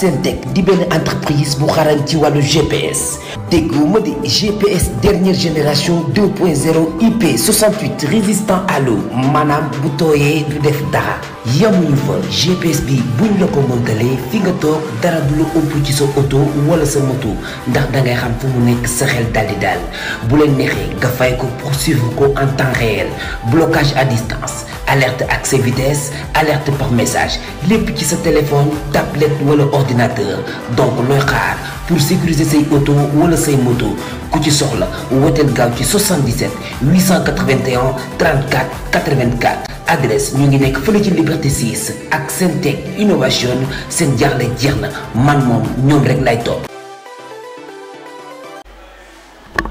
Syntec di benn entreprise bu xarañ ci wàllu GPS dégguma di GPS dernière génération 2.0 IP 68 résistant à l'eau maanaam bu tooyee du def dara yamuñu fa GPS bi buñ la ko mëntalee fi nga toog dara du la ëpp ci sa oto wala sa moto ndax dangay xam fu mu nekk sa xel daldi daal bu neexee nga fay ko poursuivre ko en temps réel blocage à distance alerte ak accès vitesse alerte par message lépp ci sa téléphone tablette wala ordinateur donc looy xaar pour sécuriser say auto wala say moto ku ci soxla wooteel gaaw ci 77 881 34 84 adresse ñu ngi nekk fële ci Liberté 6 ak seen tech innovation seen jaaxle jeex na man moom ñoom rek lay topp.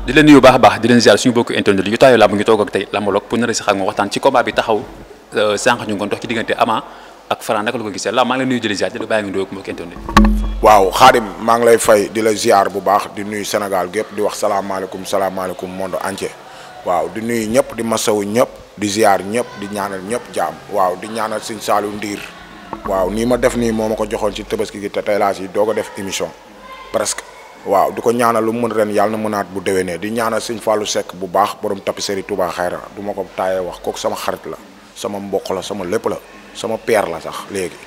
di leen nuyu baax a baax di leen ziar suñu bokk internet yu taayu làmb ngi toog ak tey làmbaloog pour nar a si xaar waxtaan ci combat bi taxaw Euh, sànq ñu ngi dox ci diggante Ama ak Franc naka la ko gisee la maa ngi lay nuyu di la ziar di la bàyyi nga maa ngi lay fay di la ziar bu baax di nuyu Sénégal gépp di wax salaamaaleykum salaamaaleykum monde entier waaw di nuyu ñëpp di masawu ñëpp di ziar ñëpp di ñaanal ñëpp jaam waaw di ñaanal Sëñ Saalu Ndiir waaw nii ma def nii moo ma ko joxoon ci tabaski gi te tey laa si doog def émission presque waaw di ko ñaanal lu mu mën ren yàlla na mënaat bu déwénee di ñaanal Sëñ Fallou Seck bu baax borom tapisserie Touba Xayra du ma ko taayee wax kooku sama xarit la sama mboq la sama lépp la sama père la sax léegi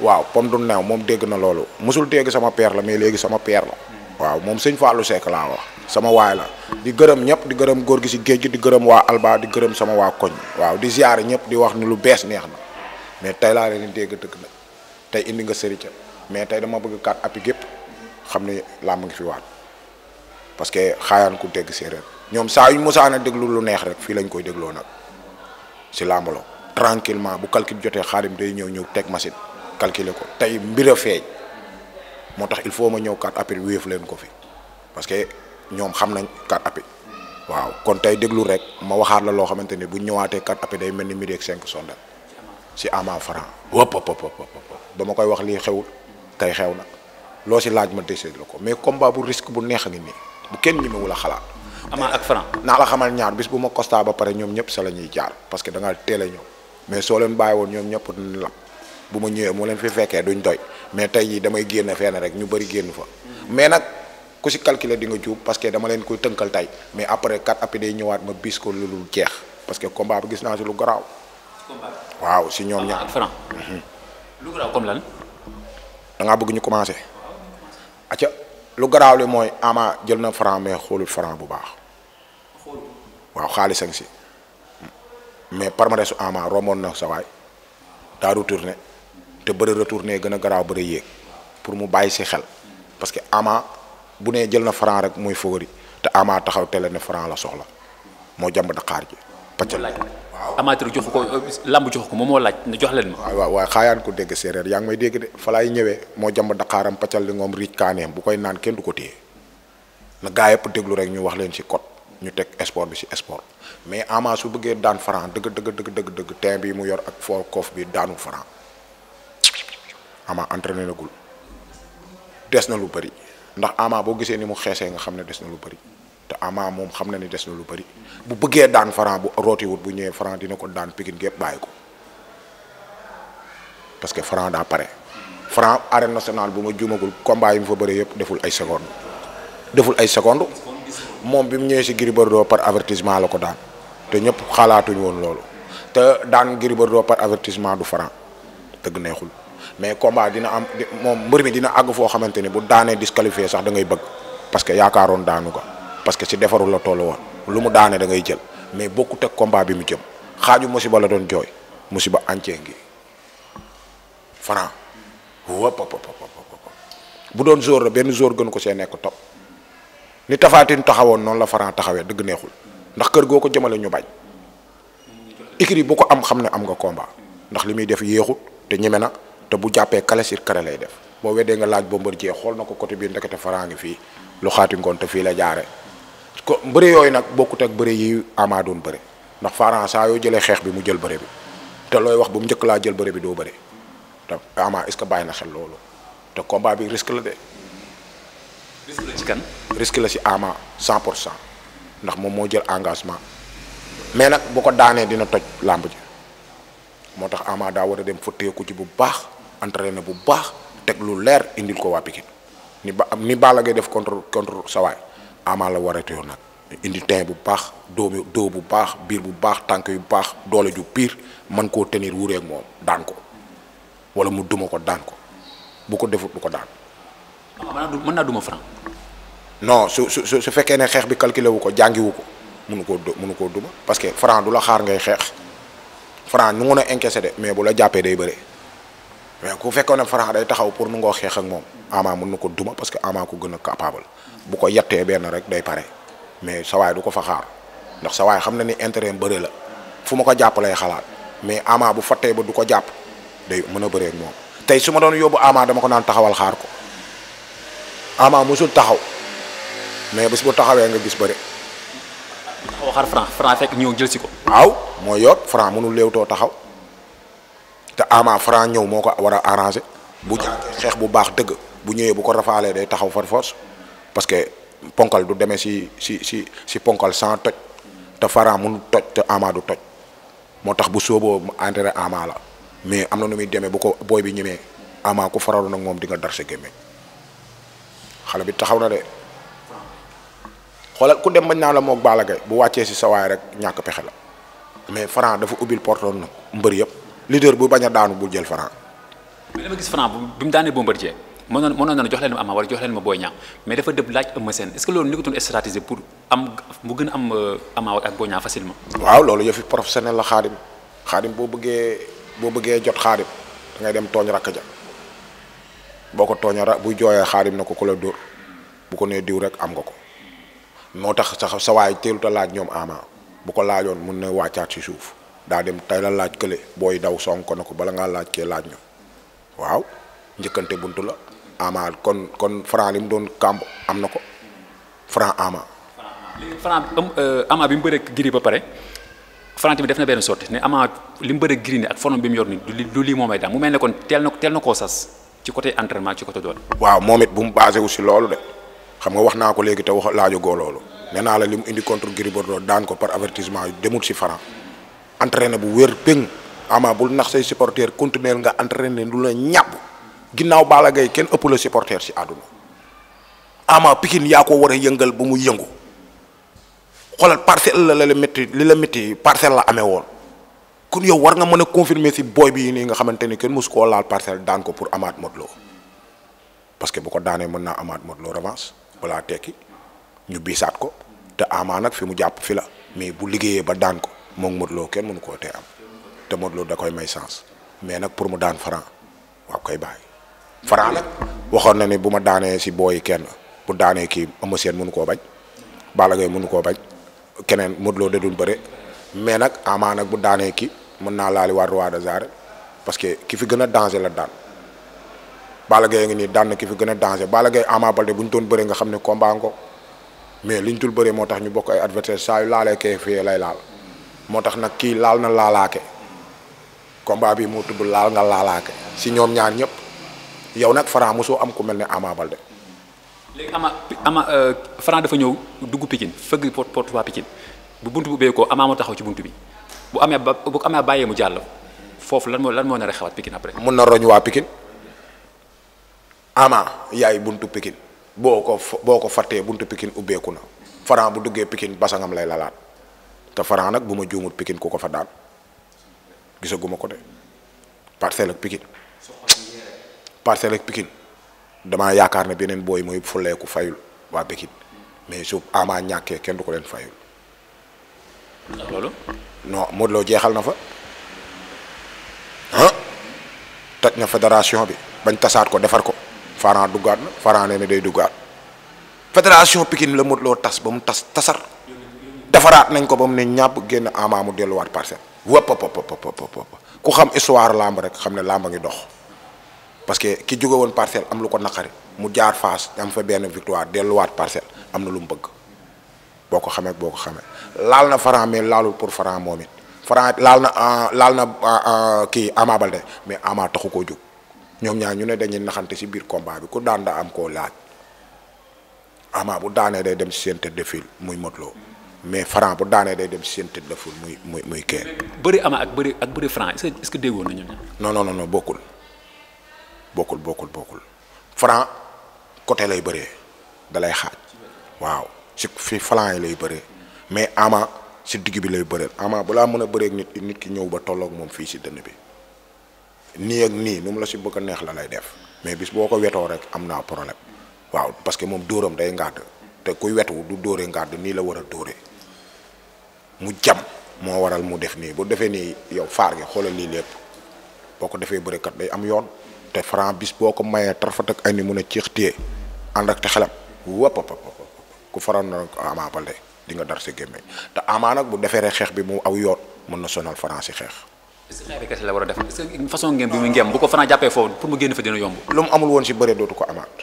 waaw pom du neew moom dégg na loolu mosul dégg sama peer la mais léegi sama peer la waaw moom sëñ Fallou seek laa wax sama waay la di gërëm ñëpp di gërëm góor gi si géej gi di gërëm waa Alba di gërëm sama waa koñ waaw di ziare ñëpp di wax ni lu bees neex na mais tey laa leen dégg dëgg na tey indi nga ca mais tey dama bëgg kat appi gépp xam ni làmb ngi fi waat parce que xaayaan ku dégg séeréer ñoom saa yu musaana déglu lu neex rek fii lañ koy dégloo nag si làmbalo tranquillement bu calcul jotee xaadim day ñëw ñëw teg machine calculer ko tey mbir a moo tax il faut ma ñëw carte appui wéef leen ko fi parce que ñoom xam nañ carte appui waaw kon tey déglu rek ma waxaat la loo xamante ni bu ñëwaatee carte appui day mel ni midi ak cinq sondal si ama franc wop wop wop ba ma koy wax lii xewul tey xew na loo si laaj ma décide la ko mais combat bu risque bu neex a ngi nii bu kenn ñemewul a xalaat. ama ak franc naa la xamal ñaar bis bu ma constat ba pare ñoom ñëpp sa la ñuy jaar parce que da teel a ñëw. mais soo leen bàyyi woon ñoom ñëpp duñ lap bu ma ñëwee moo leen fi fekkee duñ doy mais tey jii damay génn fenn rek ñu bëri génn fa. mais nag ku si calculer di nga juub parce que dama leen koy tënkal tey mais après kat appi day ñëwaat ma bis ko lu lu jeex parce que combat bi gis naa si lu garaaw. waaw si ñoom ñaar ah, franc mhm. lu bëgg ñu commencé. acca lu garaaw li mooy Ama jël na franc mais xoolul franc bu baax. waaw xaalis si. mais palmarèsu Ama romboon na sa waay daa retourné te bëri retourné gën a garaaw bëri yéeg pour mu bàyyi si xel parce que Ama bu nee jël na Franc rek muy favori te Ama taxaw tele ne Franc la soxla moo jàmb daqaar ji paccal waaw amateur joxu ko lamb joxu ko moom moo laaj ne jox leen ma waaw waaye xaayaan ko dégg séeréer yaa ngi may dégg de falaay ñëwee moo jàmb daqaaram paccal li ngoom riij kaaneem bu koy naan kenn du ko téye na gaa yëpp déglu rek ñu wax leen ci code ñu teg sport bi ci sport mais Ama su bëggee daan Franc dëgg dëgg dëgg dëgg dëgg teint bi mu yor ak foo koof bi daanu Franc Ama entraîné na des na lu bëri ndax Ama boo gisee ni mu xeesee nga xam ne des na lu bëri te Ama moom xam na ni des na lu bëri bu bëggee daan Franc bu rootiwut bu ñëwee Franc dina ko daan Pikine gépp bàyyi ko parce que Franc daa pare Franc arène nationale bu ma juumagul combat yi mu fa bëree yëpp deful ay seconde deful ay moom bi mu ñëwee si Gris Bordeaux par avertissement la ko daan te ñëpp xalaatuñu woon loolu te daan Gris par avertissement du Franc dëgg neexul mais combat dina am moom mbër mi dina àgg foo xamante ni bu daanee disqualifié sax da ngay bëgg parce que yaakaaroon daanu ko parce que si defarul la toll woon lu mu daanee da ngay jël mais bokkut ak combat bi mu jëm xaaju musiba la doon jooy musiba ancee ngi Franc bu doon jour la benn jour gën ko see nekk topp ni tafaatin taxawoon noonu la Franc taxawee dëgg neexul ndax kër goo ko jëmale ñu bañ écrit bu ko am xam ne am nga combat ndax li muy def yéexut te ñeme na te bu jàppee kale sur kale lay def boo weddee nga laaj ba mbër jee xool na ko côté bii ndekete Franc ngi fii lu xaati ngoon te fii la jaare ko bëre yooyu nag bokkut ak bëre yi Ama doon bëre ndax Franc saa yoo jëlee xeex bi mu jël bëre bi te looy wax bu mu njëkk laa jël bëre bi doo bëre te Ama na xel loolu te combat bi risque la de. risque la si ama 100 pour cent ndax moom moo jël engagement mais nag bu ko daanee dina toj làmb ji moo tax ama daa war a dem ko ci bu baax entraîné bu baax teg lu leer indi ko waa Pikine ni ba ni la Gaye def contre contre sawaay ama la warate yoon nag indi ten bu baax doomu doo bu baax biir bu baax tànk yu baax doole ju piir man koo tenir wureeg moom daan ko wala mu duma ko daan ko bu ko defut du ko daan ah, duma franc non su su su fekkee ne xeex bi calculé wu ko jàngiwu ko munu koo munu koo duma parce que Franc du la xaar ngay xeex Franc nu ngun a encaissé de mais bu la jàppee day bëre mais ku fekkoon ne Franc day taxaw pour nu xeex ak moom Ama mun na ko duma parce que Ama ko gën a capable bu ko yettee benn rek pare mais sa du ko fa xaar ndax sa xam na ni intérêt bëre la fu ma ko jàpp lay xalaat mais Ama bu fattee ba du ko jàpp day mën a bëree ak moom tey su ma doon yóbbu Ama dama ko naan taxawal xaar ko Ama musul taxaw mais bis bu taxawee nga gis bëri. taxaw xar ñëw jël si ko. waaw mooy yoon franc mënul too taxaw te ama franc ñëw moo ko war a arrangé. bu xeex bu baax dëgg bu ñëwee bu ko rafaalee day taxaw far force parce que ponkal du demee si si si si ponkal sans toj te Franc mënul toj te ama du toj moo tax bu sooboo intérêt ama la mais am na nu muy demee bu ko booy bi ñemee ama ku fararu nag moom di nga dar sa gémmiñ xale bi taxaw na de. xoolal ku dem bañ naa la moo Balla Gaye bu wàccee si sa waay rek ñàkk pexe la mais Franc dafa ubbil portoon na mbër yëpp leader bu bañ a daanu bu jël Franc. mais dama gis Franc bi mu daanee Bombardier mënoon mënoon na jox leen ma Ama jox leen ma Boy Niang mais dafa dëb laaj Eumeu Sène est-ce que loolu nekkutoon pour am mu gën a am euh, Ama ak Boy Niang facilement. waaw loolu yëfi professionnel la xaadim xaadim boo bëggee boo bëggee jot xaadim dangay dem tooñ rakk ja boo ko tooñee ra buy jooyee xaadim na ko ko la dóor bu ko nee diw rek am nga ko. moo tax sax sa waay teelut laaj ñoom ama bu ko laajoon mun na wàccaat si suuf daa dem tey la laaj kële booy daw song ko na ko bala ngaa laaj kee laaj ñu waaw njëkkante buntu la ama kon kon franc li mu doon kàmb am na ko franc ama franc euh, ama bi mu bëree giri ba pare franc bi def na benn sorti ne ama li mu bëree giri ak forme bi mu yor ni du lii moomay daan mu mel ne kon teel na teel koo sas ci côté entraînement ci côté doon waaw moom it bu mu basé wu si loolu de xam nga wax naa ko léegi te wax laajo goo loolu nee la li mu indi contre Gris Bordeaux daan ko par avertissement yu demul si Franc entraîné bu wér péng ama bul nax say supporter continuer nga entraîné lu la ñàpp ginnaaw Balla Gaye kenn ëpp la supporter si àdduna ama Pikine yaa ko war a yëngal bu mu yëngu xoolal parcelle la la métti li la métti parcelle la amee woon kun yow war nga mën a confirmer si booy bi nii nga xamante ni kenn mosu koo laal parcelle daan pour amaat Modou parce que bu daanee mën naa amaat Modou Lo balaa tekki ñu biisaat ko te Ama nag fi mu jàpp fi la mais bu liggéeyee ba daan ko moom Modou kenn mënu koo tee am te Modou da koy may sens mais nag pour mu daan Franc waa koy bàyyi Franc nag waxoon na ni bu ma daanee si booy kenn bu daanee kii Eumeu Sène mënu koo bañ Balla Gaye mënu koo bañ keneen Modou Lo da dul bëre mais nag Ama nag bu daanee kii mën naa laali waat waa des arènes parce que ki fi gën a danger la daan Balla Gaye ngi nii daan na ki fi gën a danger Balla Gaye Ama Baldé bu ñu doon bëree nga xam ne combat nga mais liñ tul bëree moo tax ñu bokk ay adversaire saa yu laalee kee fii lay laal moo tax nag kii laal na laalaake combat bi moo tudd laal nga laalaake si ñoom ñaar ñëpp yow nag Franc mosoo am ku mel ne Ama Baldé. léegi Ama euh, dafa ñëw dugg Pikine fëgg porte porte waa Pikine bu buntu bu beekoo Ama moo taxaw ci buntu bi bu amee ba bu amee bàyyee mu jàll foofu lan moo lan moo nar a xewaat ama yaay buntu pikin boo ko boo ko fàttee buntu pikin ubbeeku na Franc bu duggee pikin basangam lay lalaat te Franc nag bu ma juumut pikin ku ko fa daan gisaguma ko de parcelle ak pikin parcelle ak pikin damaa yaakaar ne beneen booy mooy fuleeku fayul waa pikin mais su ama ñàkkee kenn du ko leen fayul. loolu. non Modou jeexal na fa ah toj na fédération bi bañ tasaat ko defar ko. Faran duggaat na Faran nee na day duggaat fédération Pikine la Modou loo tas ba mu tas tasar defaraat nañ ko ba mu ne ñàpp génn Ama mu delluwaat parcelle wëpp ku xam histoire lamb rek xam ne làmb ngi dox parce que ki jóge woon parcelle am lu ko naqari mu jaar Fass am fa benn victoire delluwaat parcelle am na lu mu bëgg boo ko xamee boo ko xamee laal na Faran mais laalul pour Faran moom it Faran laal na ah, laal na ah, ah, kii Ama Baldé mais Ama taxu koo jóg. ñoom ñaar ñu ne dañuy naxante ci biir combat bi ku daan da am koo laaj Ama bu daanee day dem ci seen tête de file muy Modou mais Franc bu daanee day dem ci seen tête de file muy muy muy Keer. bëri Ama ak bëri ak bëri Franc est-ce que est-ce que déggoon na ñoom ñaar. non non bokkul bokkul bokkul bokkul Franc côté lay bëree dalay lay xaaj waaw ci fi flanc yi lay bëree mais Ama si digg bi lay bëreel Ama balaa mën a bëree nit nit ki ñëw ba tolloog moom fii si dënn bi. nii ak nii nu mu la si bëgg a neex la lay def mais bis boo ko wetoo rek am naa problème waaw parce que moom dóoram day ngàdd te kuy wetu du dóore ngàdd nii la wara a mu jam moo waral mu def nii bu defee nii yow faar gi xoolal lii lépp boo ko defee bërikat day am yoon te franc bis boo ko mayee tarfat ak ay ni mun a ceex téye ànd ak te xelam wëpp ku faral na Ama Baldé di nga dar sa gémmiñ te Ama nag bu defee rek xeex bi mu aw yoon mën na sonal franc si xeex est-ce war def est-ce façon ngeen bi mu ngeen bu ko Franc jàppee foofu pour mu génn fa dina yomb. lu mu amul woon si bëre dootu ko amaat.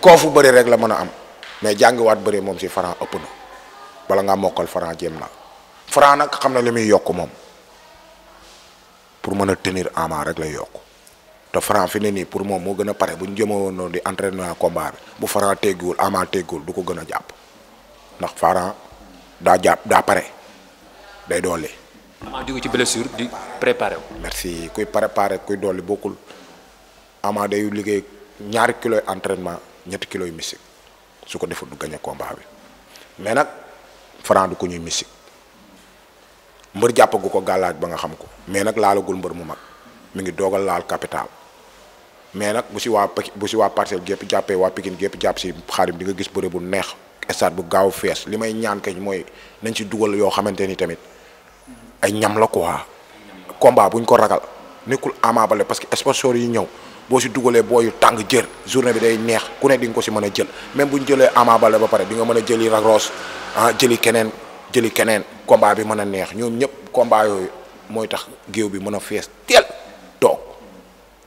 koofu bëre rek la mën a am mais jàngiwaat bëre moom si Franc ëpp na bala nga mokkal Franc jéem na Franc nag xam na li muy yokk moom pour mën a tenir Ama rek lay yokk te Franc fi ne nii pour moom moo gën a pare bu ñu woon noonu di entraînement combat bi bu Franc teggiwul Ama teggiwul du ko gën a jàpp ndax Franc daa jàpp daa pare day doole. Ama jóge ci blessure di merci kuy préparé kuy dolli bokkul Ama day liggéey ñaari kilos entraînement ñetti kilos yu mystique su ko defee du gagné combat bi mais nag Franc ku ko ñuy mystique mbër jàppagu ko gàllaaj ba nga xam ko mais nag laalagul mbër mu mag mu ngi doogal laal capital mais nag bu si waa bu si waa parcelle gépp jàppee waa Pikine gépp jàpp si xaarim di nga gis bëre bu neex stade bu gaaw fees li may ñaan kañ mooy nañ si dugal yoo xamante ni tamit. ay ñam la ko quoi bu ñu ko ragal nekkul Ama Baldé parce que sponsor yi ñëw boo si dugalee boo yu tàng jër journée bi day neex ku ne di ko si mën a jël même bu ñu jëlee Ama Baldé ba pare dinga mën a jël Lac ragos ah jëli keneen jëli keneen combat bi mën a neex ñoom ñëpp combat yooyu mooy tax géew bi mën a fees teel toog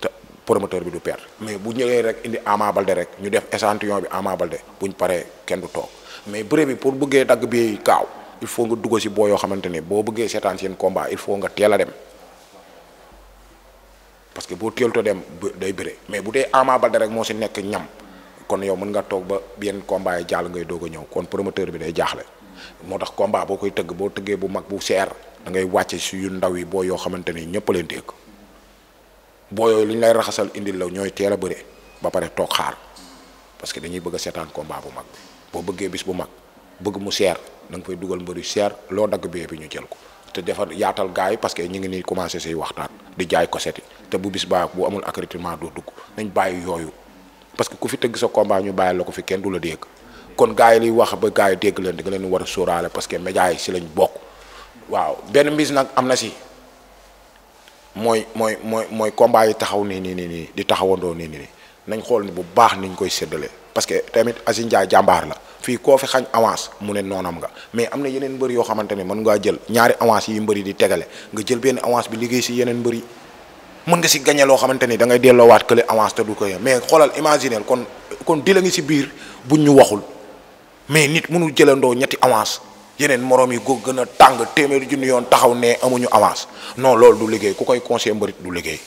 te promoteur bi du per mais bu ñëwee rek indi Ama Baldé rek ñu def échantillon bi Ama Baldé buñ paree kenn du toog mais bëre bi pour bëggee dagg bi kaaw. il faut nga dugg si boo yoo xamante ne boo bëggee seetaan seen combat il faut nga teel a dem que boo teelutoo dem day bëre mais bu dee Ama Baldé rek moo si nekk ñam kon yow mën nga toog ba yenn combat yi ngay doog a ñëw kon promoteur bi day jaaxle moo tax combat boo koy tëgg boo tëggee bu mag bu seer da ngay si ndaw yi boo yoo xamante ni ñëpp leen dégg boo yooyu lay raxasal indil la ñooy teel a bëre ba pare toog xaar parce que dañuy bëgg seetaan combat bu mag boo bëggee bis bu mag. bëgg mu seer danga nga fay dugal mbër yu seer loo dagg bee bi ñu jël ko te defar yaatal gars yi parce que ñu ngi nii commencé si waxtaan di jaay koset yi te bu bis baa bu amul accréditement doo dugg nañ bàyyi yooyu parce que ku fi tëgg sa combat ñu bàyyi la ko fi kenn du la dégg kon gars yi liy wax ba gars yi dégg leen di nga leen war a sóoraale parce que médias yi si lañ bokk waaw benn mbis nag am na si mooy mooy mooy mooy combat yi taxaw nii nii nii nii di taxawandoo nii nii nañ xool ni bu baax niñ koy séddale parce que tamit Aziz Ndiaye jàmbaar la fii koo fi xañ avance mu ne noonam nga mais am na yeneen mbër yoo xamante ne mën ngaa jël ñaari avance yi mbëri di tegale nga jël benn avance bi liggéey si yeneen mbëri mën nga si gagné loo xamante ni da delloowaat kële avance te ko yem mais xoolal imaginer kon kon di la ngi si biir bu ñu waxul mais nit mënul jëlandoo ñetti avance yeneen moroom yi go gën a tàng téeméeri junni yoon taxaw ne amuñu avance noo loolu du liggéey ku koy conseiller mbërit du liggéey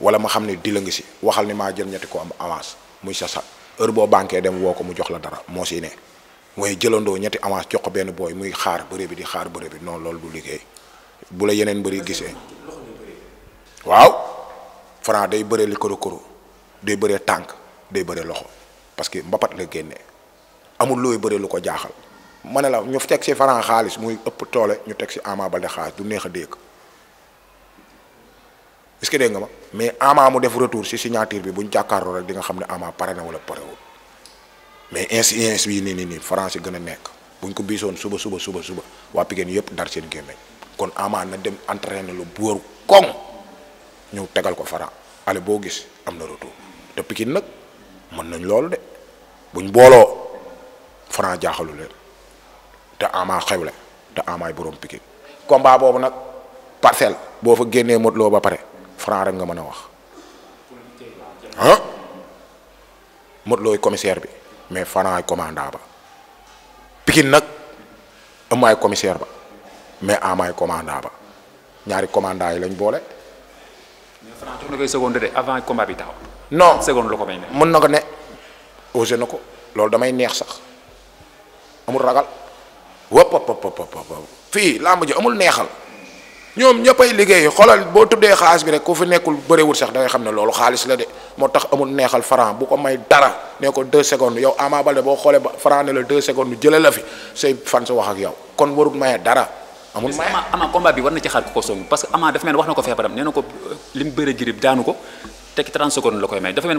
wala ma xam ne di la ngi si waxal ni maa jël ñetti ko am avance muy sa sa heure boo banquee dem woo ko mu jox la dara moo si ne mooy jëlandoo ñetti avance jox ko benn booy muy xaar bëre bi di xaar bëre bi non loolu du liggéey bu la yeneen bëri gisee waaw Franc day bëree li korokoro day bëree tànk day bëree loxo parce que mbapat la génne amul looy bëre lu ko jaaxal ma ne la ñu teg si Franc xaalis muy ëpp toole ñu teg si ba Baldé xaalis du neex a dégg est-ce que dégg nga ma mais Ama mu def retour si signature bi bu ñu jàkkaarloo rek di nga xam ne Ama pare na wala parewul mais incidence yi nii nii nii si gën a nekk buñ ko biisoon suba suba suba suba waa Pikine yëpp dar seen gémmeñ kon Ama na dem ne lu buur koŋ ñëw tegal ko Franc ale boo gis am na retour te Pikine nag mën nañ loolu de buñ booloo Franc jaaxalu leen te Ama xewle te Amaay borom Pikine combat boobu nag parcelle boo fa génnee Modou ba pare Franc rekk nga mën a wax ah Modou Lo commissaire bi. mais Franc ay commandant ba Pikine nag ëmmaay commissaire ba mais amaay commandant ba ñaari commandant yi lañ boole. mais Franc jox na koy avant combat bi taxaw. non seconde la ko may ne. mën na ko ne osé na ko loolu damay neex sax amul ragal wëpp papa wëpp wëpp fii làmb ji amul neexal. ñoom ñëppay liggéey xoolal boo tuddee xaalis bi rek ku fi nekkul bëriwul sax da ngay xam ne loolu xaalis la de moo tax amul neexal franc bu ko may dara nee ko deux secondes yow boo xoolee ba franc ne la deux la fi say fan sa kon war na ci xaar ku ko song que ama dafa mel ni wax na ko feebaram nee na ko euh, lim bëre girib ko tekki 30 secondes la koy may dafa des.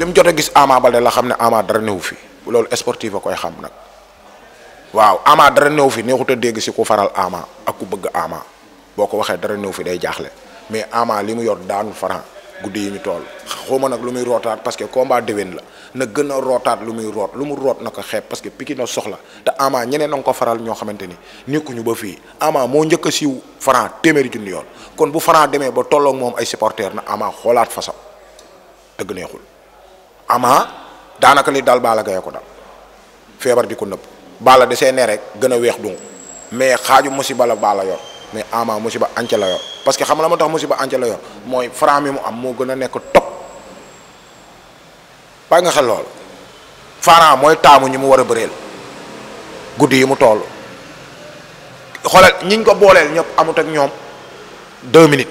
lim jot a gis Ama Baldé la xam ne ama dara newu fi loolu sportif a koy xam nag. waaw ama dara new fi neexut a dégg si ku faral ama ak ku bëgg ama boo ko waxee dara new fi day jaaxle mais ama li mu yor daanu faran guddi yi ñu tool xawma nag lu muy rootaat parce que combat déwén la na gën a rootaat lu muy root lu mu root na ko xeeb parce que piki na soxla te ama ñeneen na ko faral ñoo xamante ni ñu ba fii ama moo njëkk a siiw faraa téeméeri junni yoon kon bu faraa demee ba tollook moom ay supporteurs na ama xoolaat fasam dëgg daanaka li dal Balla Gaye ko baala da see ne rek gën a weex dung mais xaaju musiba la Balla yor mais Ama musiba ance la yor parce que xam la ma tax musiba ance la yor mooy franc mi mu am moo gën a nekk top bàyyi nga xel lool franc mooy taamu ñi mu war a bëreel guddi yi mu toll xoolal ñiñ ko booleel ñëpp amut ak ñoom deux minutes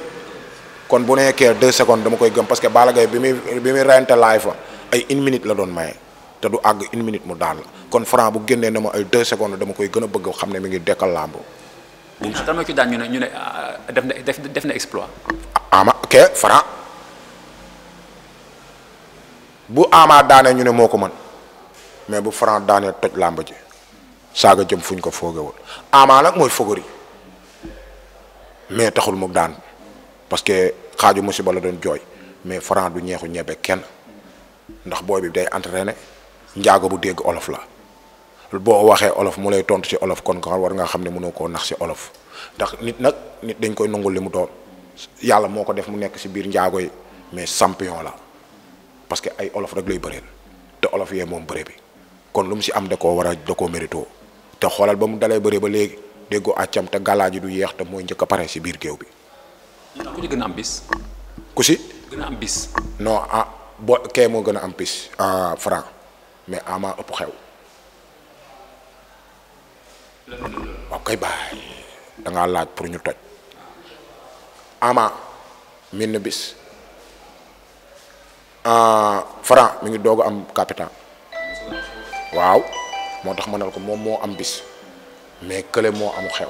kon bu nekkee deux secondes dama koy gëm parce que Balla bi muy bi muy rente laay fa ay une minute la doon maye. te du àgg une minute mu daal la kon Franc bu génnee ne ma ay deux secondes dama koy gën a bëgg xam ne mi ngi dekkal làmb. kan moo ci daan ñu ne ñu ne ah, def na def na exploit. ama ok bu Ama daanee ñu ne moo ko mën mais bu Franc daanee toj làmb ji saaga jëm fuñ ko foogewul Ama nag mooy fogori mais taxul mu daan parce que xaaju musiba la doon jooy mais Franc du ñeexu ñebe kenn ndax booy bi day entraîné. njaago bu dégg olof la boo waxee olof mu lay tontu si olof kon ko war nga xam ne mënoo koo nax si olof ndax nit nag nit dañ koy nangul li mu doon yàlla moo ko def mu nekk si biir njaago yi mais sampion la parce que ay olof rek lay bëreel te olof yee moom bëre bi kon lu mu si am da koo war a da ko mérito te xoolal ba mu dalee bëre ba léegi déggoo àccam te gàllaaji du yeex te mooy njëkk a pare si biir géew bi. ku ci gën a am bis. ku ci. gën a am non ah boo kee moo gën a am bis. Ah, franc. mais ama ëpp xew waaw kay baay dangaa laaj pour ñu toj ama min na bis ah, Franc mi ngi doog am capitan waaw moo tax ma ne ko moom moo am bis mais kële moo amu xew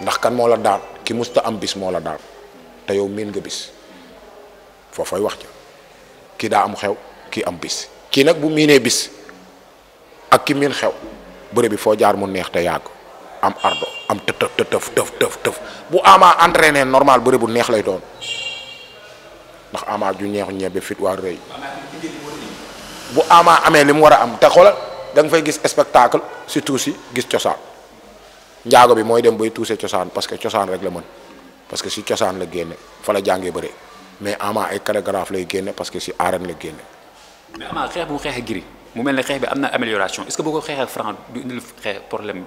ndax kan moo la daan ki musta am bis moo la daan te yow miin nga bis foofay wax ja kii daa am xew kii am bis kii nag bu miinee bis ak ki miin xew bërëb bi foo jaar mu neex te yàgg am ardo am tëtëf tëtëf tëf tëf tëf bu ama entraîné normal bëre bu neex lay doon ndax ama ju neexu ñebe fit waa rëy bu ama amee li mu war a am te xoolal da nga fay gis spectacle surtout si gis cosaan njaago bi mooy dem bay tuuse cosaan parce que cosaan rek la mën parce que si cosaan la génne fa la jàngee bëre mais ama ay chorégraphe lay génne parce que si arène la génne mais Ama xeex bu mu xeex ak Gris mu mel ne xeex bi am na amélioration est ce que boo ko xeex ak Franc du indil xeex problème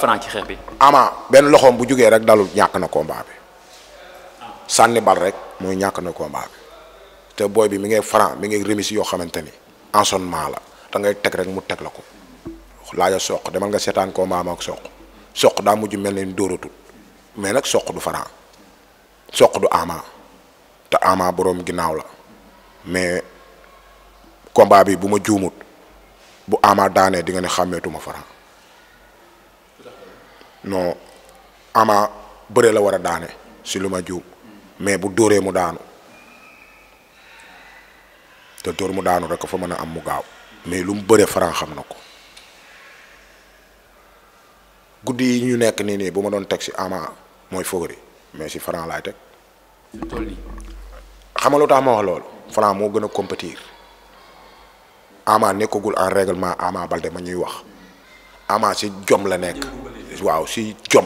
Franc ci xeex bi. Ama benn loxoom bu jógee rek dalul ñàkk na combat bi sànni bal rek mooy ñàkk na combat bi te booy bi mi ngay Franc mi ngay remise yoo xamante ni ensonnement la da ngay teg rek mu teg la ko laaja soq demal nga seetaan combat am ak soq soq daa mujj mel ni dóoratul mais nag soq du Franc soq du Ama te Ama boroom ginnaaw la combat bi bu ma juumut bu ama daanee di nga ne xàmmeetuma Franc non ama bëre la war daane si lu ma juum mais bu dóoree mu daanu te dóor mu daanu rek fa mën a am mu gaaw mais lu mu bëree Franc xam na ko guddi yi ñu nekk nii nii bu ma doon teg si ama mooy favori mais si Franc laay teg. tool xam nga lu tax ma wax loolu. Franc moo gën a compétir. Ama nekkagul en règlement Ama Balde ma ñuy wax Ama si jom la nekk waaw si jom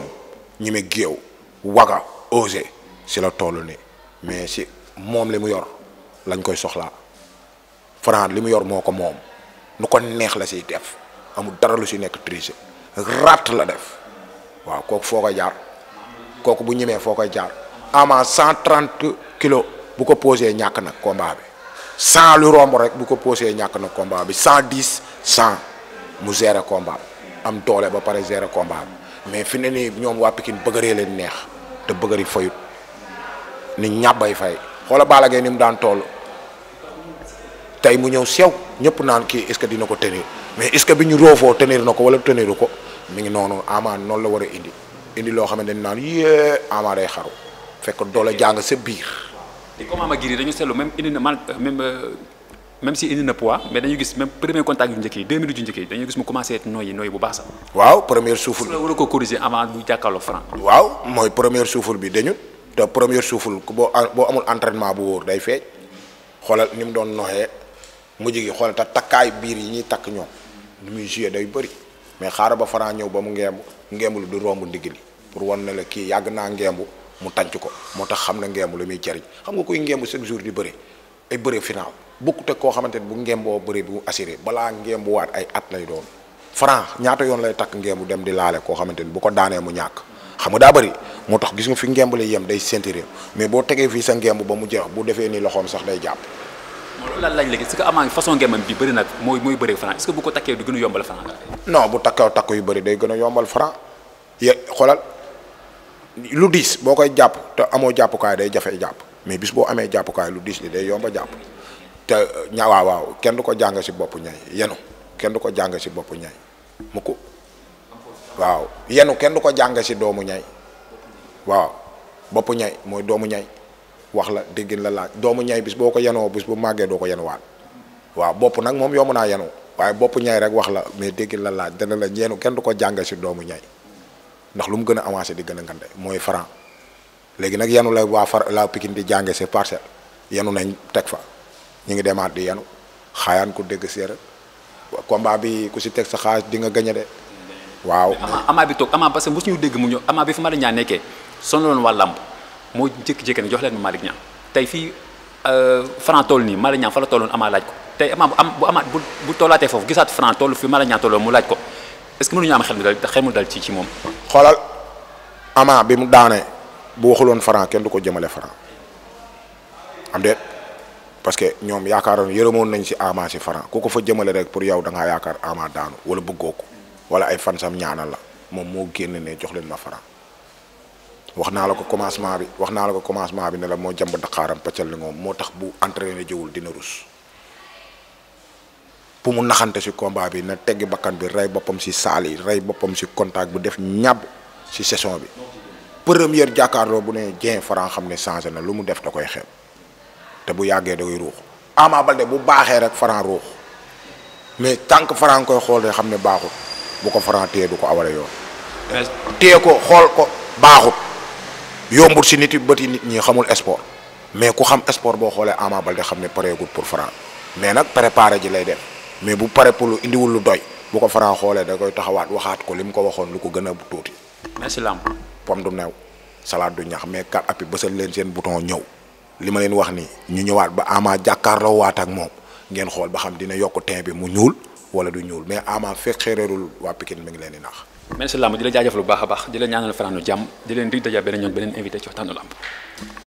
ñi me géew waga osé si la toll ni mais si moom li mu yor lañ koy soxlaa Franc li mu yor moo ko moom nu ko neex la siy def amul dara lu si nekk triché rat la def waaw kooku foo koy jaar kooku bu ñemee foo koy jaar Ama 130 kilos bu ko posé ñàkk nag combat bi cent lu romb rek bu ko posé ñàkk na combat bi cent dix cent mu gérer combat am doole ba pare gérer combat mais fi ne nii ñoom waa Pikine bëgëree leen neex te bëgëri fayut ni ñàbbay fay xoola Balla Gaye ni mu daan toll tey mu ñëw sew ñëpp naan kii est-ce que dina ko tenir mais est-ce que bi ñu roofoo tenir na ko wala teniru ko mi ngi noonu Ama noonu la war a indi indi loo xamante ne naan yée Ama day xaru fekk doole jàng sa biir te comme ama giri dañu seetlu même indi na man euh, même euh, même si indi na poids mais dañu gis même premier contact yu njëkk yi deux minutes yu njëkk yi dañu gis mu commencé nooyi nooyi bu baax sax. waaw première souffle. war ko corriger avant bu jàkkaarloo franc. waaw mooy première souffle bi dañu te première souffle boo boo amul entraînement bu wóor day feeñ xoolal ni mu doon noxee mujj gi xoolal te takkaay biir yi ñuy takk ñoom ni muy joué day bëri mais xaaral ba Franc ñëw ba mu ngemb ngembul du romb ndigg li pour wan ne la kii yàgg naa ngemb. mu tànc ko moo tax xam na ngeemb lu muy jariñ xam nga koy ngeemb chaque jour di bëre ay bëre final bokkut ak koo xamante ni bu ngeemboo bëre bu assuré balaa ngeembu waat ay at lay doon franc ñaata yoon lay takk ngeembu dem di laale koo xamante ni bu ko daanee mu ñàkk xam nga daa bëri moo tax gis nga fi ngemb la yem day sentiré mais boo tegee fii sa ngemb ba mu jeex bu defee nii loxoom sax day jàpp loolu laaj léegi est-ce que amaa façon ngembam bi bëri nag mooy mooy bëri franc est-ce que du gën a yombal franc non bu takkee takk yu bëri gën a yombal franc ye xoolal lu diis boo koy jàpp te amoo jàppukaay day jafe jàpp mais bis boo amee jàppukaay lu diis li day yomba jàpp te ña waaw waaw kenn du ko jàng si bopp ñay yenu kenn du ko jàng si bopp ñay mu waaw yenu kenn du ko jàng si doomu ñay waaw bopp ñay mooy doomu ñay wax la déggin la laaj doomu ñay bis boo ko yenoo bis bu màggee doo ko yenuwaat waaw bopp nag moom yomb naa yenu waaye bopp ñay rek wax la mais déggin la laaj dana la ñeenu kenn du ko jàng si doomu ñay ndax lu mu gën a avancé di gën a ngande mooy franc léegi nag yanu la waa far la Pikine di jànge si parcelle yanu nañ teg fa ñu ngi demaat di yenu xaayaan ku dégg séeréer combat bi ku si teg sa xaalis di nga gañe de waaw ama ama bi toog ama parce que bu suñu dégg mu ñëw amaa bi fi Malick Niang nekkee sonaloon waa làmb moo jékki-jékki ne jox leen ma Malick Niang tey fii euh, Franc toll nii Malick Niang fa la tolloon ama laaj ko tey bu am bu amaat bu bu tollaatee foofu gisaat Franc fi Malick Niang tolloon mu laaj ko est-ce que mënuñu am xel mu dal ci moom. xoolal Ama bi mu daanee bu waxuloon Franc kenn du ko jëmale Franc am déet parce que ñoom yaakaaroon yërëmoon nañ si Ama si Franc ku ko fa jëmale rek pour yow da yaakaar Ama daanu wala bëggoo ko wala ay fansam ñaanal la moom moo génne ne jox leen ma Franc wax naa la ko commencement bi wax naa la ko commencement bi ne la moo jàmb daqaaram paccal ni moom moo tax bu entraîné jëwul dina rus. pour mu naxante si combat bi na teggi bakkan bi rey boppam si saal yi rey boppam si contact bu def ñàbb si saison bi première jàkkaarloo bu ne Dieng Franc xam ne changé na lu mu def da koy xeeb te bu yàggee da koy ruux Ama Baldé bu baaxee rek Franc ruux mais tant que Franc koy xool de xam ne baaxut bu ko Franc téye du ko awale yoon téye ko xool ko baaxut yombul si nit yi bëti nit ñi xamul sport mais ku xam sport boo xoolee Ama Baldé xam ne pareegut pour Franc mais nag préparé ji lay def mais bu pare pour lu indiwul lu doy bu ko Franc xoolee da koy taxawaat waxaat ko li mu ko waxoon lu ko gën a tuuti. merci Lamb. pom du neew salade du ñax mais kat appi bësal leen seen bouton ñëw li ma leen wax nii ñu ñëwaat ba Ama jàkkaarloo waat ak moom ngeen xool ba xam dina yokk teint bi mu ñuul wala du ñuul mais Ama fekk xeereerul waa Pikine mi ngi leen di naax. merci Lamb di la lu baax a baax di la ñaanal Franc nu jàmm di leen dig daja beneen yoon beneen invité ci waxtaanu Lamb.